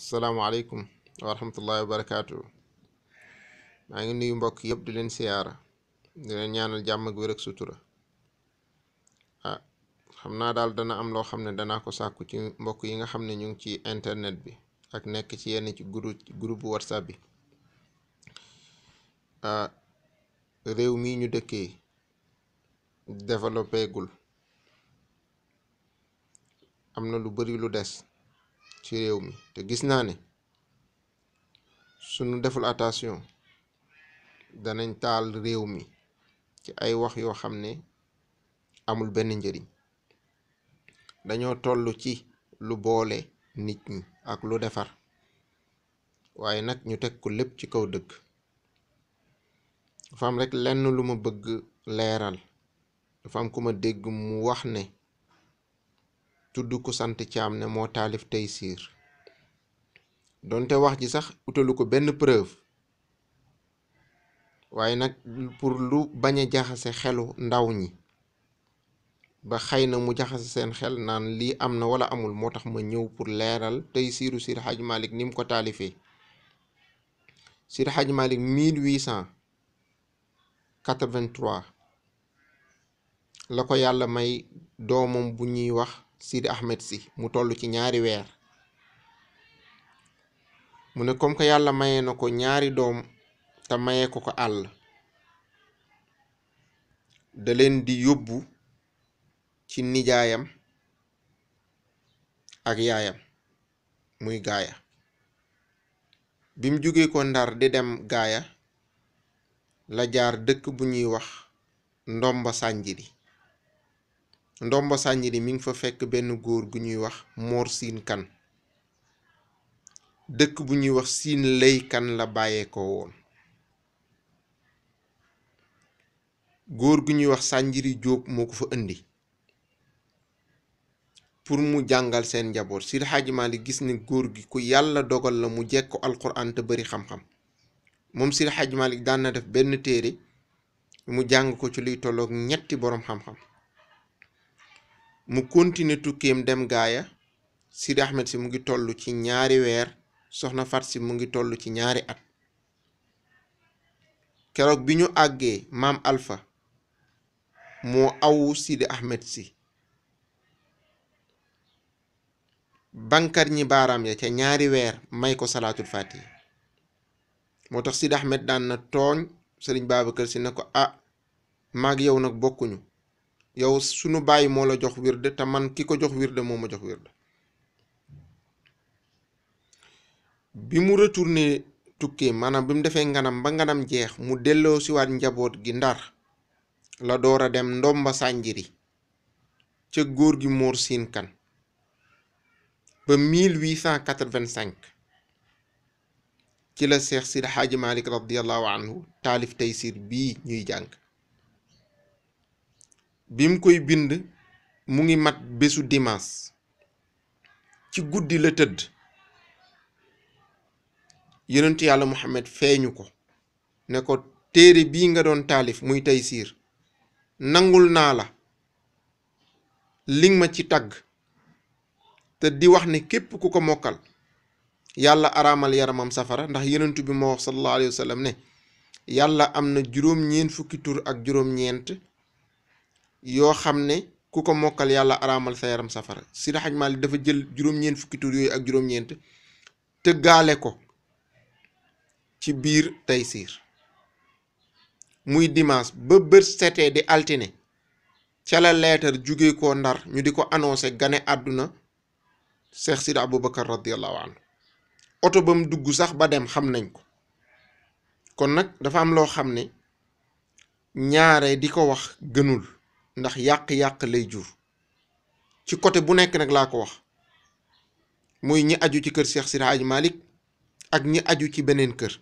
salaamaaleykum wa rahmatullahi wa maa ngi nuyu mbokk yépp di leen siyaara di leen ñaanal jàmm ak wér sutura a ah, xam naa daal dana am loo xam ne dana ko sàkku ci mbokk yi nga xam ne ñu ngi ci internet bi ak nekk ci yenn ci groupe groupe whatsapp bi ah réew mi ñu dëkkee developeegul am na lu bari lu des. ci réew mi te gis naa ne suñu deful attention danañ taal réew mi ci ay wax yoo xam ne amul benn njariñ dañoo toll ci lu boole nit ñi ak lu defar waaye nag ñu teg ko lépp ci kaw dëgg fam am rekk lenn lu ma bëgg leeral dafa am ku ma dégg mu wax ne tudd ku sant Caam ne moo taalif siir donte wax ji sax utalu ko benn preuve waaye nag pour lu bañ a jaxase xelu ndaw ñi ba xëy na mu jaxase seen xel naan lii am na wala amul moo tax ma ñëw pour leeral tey Taysiiru Sir Haj Malik ni mu ko taalifee Sir Haj Malik 1883 la ko yàlla may doomam bu ñuy wax Sidi Ahmed si mu toll ci ñaari weer mu ne comme que yàlla mayee na ko ñaari doom te mayee ko ko àll da leen di yóbbu ci nijaayam ak yaayam muy gaaya bi mu jógee ko ndar di dem gaaya la jaar dëkk bu ñuy wax ndomba sànjiri ndombo sànjiri mi ngi fa fekk benn góor gu ñuy wax moor siin kan dëkk bu ñuy wax siin lay kan la bàyyeekoo woon góor gi ñuy wax sànjari jóob moo ko fa indi pour mu jàngal seen njaboot Seydi Hadji Malick gis ne góor gi ku yàlla dogal la mu jekk alxuraan te bari xam-xam moom Seydi Hadji Malick daan def benn téere mu jàng ko ci luy tolloog ñetti boroom xam-xam mu continuer tukkeem dem gaaya Sidi Ahmed si mu ngi tollu ci ñaari weer soxna Fat si mu ngi tollu ci ñaari at keroog bi ñu àggee maam alfa moo awu Sidi Ahmed si bankar ñi baaraam ya ca ñaari weer may ko salaatul fatiha moo tax Sidi Ahmed daan na tooñ Sëriñ Babacar si ne ko ah maag yow nag bokkuñu yow sunu bàyyi moo la jox wirde te man ki ko jox wirde mooma jox wirde bi mu retourné tukkee maanaam bi mu defee nganam ba nganam jeex mu delloo siwaat njaboot gi ndar la door a dem ndomba sànjiri ca góor gi Mor Siin Kan ba 1885 ci la seex si Xaaji Malik radiallahu anhu taalif Taysiir bii ñuy jàng bi mu koy bind mu ngi mat bésu dimanche ci guddi la tëdd yonentu yàlla Muhammad feeñu ko ne ko téere bii nga doon taalif muy tey siir nangul naa la ling ma ci tagg te di wax ne képp ku ko mokkal yàlla araamal yaramam safara ndax yonentu bi moo wax sallallahu alayhi wa yàlla am na juróom-ñeent fukki tur ak juróom-ñeent yoo xam ne ku ko mokkal yàlla araamal sa yaram safara Seydi Hadji Malick dafa jël juróom fukki tur ak juróom tëggaale ko ci biir tey Taysiir muy dimaas ba bët setee di altine ca leetar jóge ko ndar ñu di ko annoncé gane àdduna Cheikh Sidi Aboubacar radiallahu anhu oto ba mu dugg sax ba dem xam nañ ko kon nag dafa am loo xam ne ñaare di ko wax gënul ndax yàq-yàq lay jur ci côté bu nekk nag laa ko wax muy ñi aju ci kër Cheikh Sidi Hadj Malick ak ñi aju ci beneen kër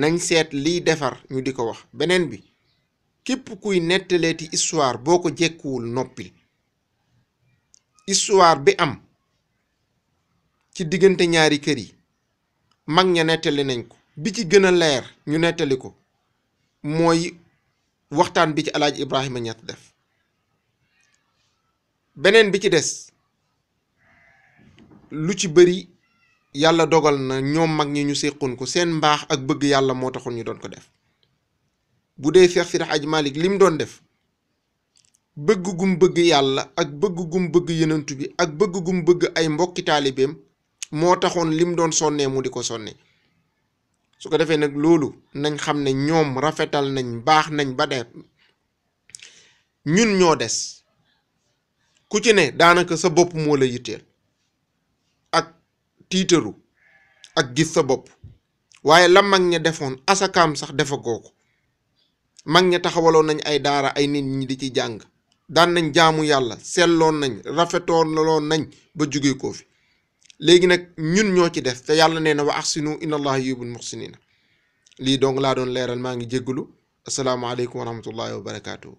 nañ seet liy defar ñu di ko wax beneen bi képp kuy nettaleeti histoire boo ko jekkuwul noppil histoire bi am ci diggante ñaari kër yi mag ña nettali nañ ko bi ci gën a leer ñu nettali ko mooy waxtaan bi ci alaaj Ibrahima ñett def beneen bi ci des lu ci bëri yàlla dogal na ñoom mag ñi ñu séqoon ko seen mbaax ak bëgg yàlla moo taxoon ñu doon ko def bu dee Seex Sidi Aj Malik li mu doon def bëgg gum bëgg yàlla ak bëgg gum bëgg yenantu bi ak bëgg gum bëgg ay mbokki taalibeem moo taxoon lim doon sonnee mu di ko sonnee su ko defee nag loolu nañ xam ne ñoom rafetal nañ baax nañ ba de ñun ñoo des ku ci ne daanaka sa bopp moo la yitteel ak tiitaru ak gis sa bopp waaye la mag ña defoon asakaam sax defagoo ko mag ña taxawaloon nañ ay daara ay nit ñi di ci jàng daan nañ jaamu yàlla selloon nañ rafetoon loon nañ ba jóge ko léegi nag ñun ñoo ci def te yàlla nee na wa axsinu inna allaha yuhibbul muxsinina lii donc laa doon leeral maa ngi jéggalu asalaamaaleykum wa rahmatullahi wa barakaatu.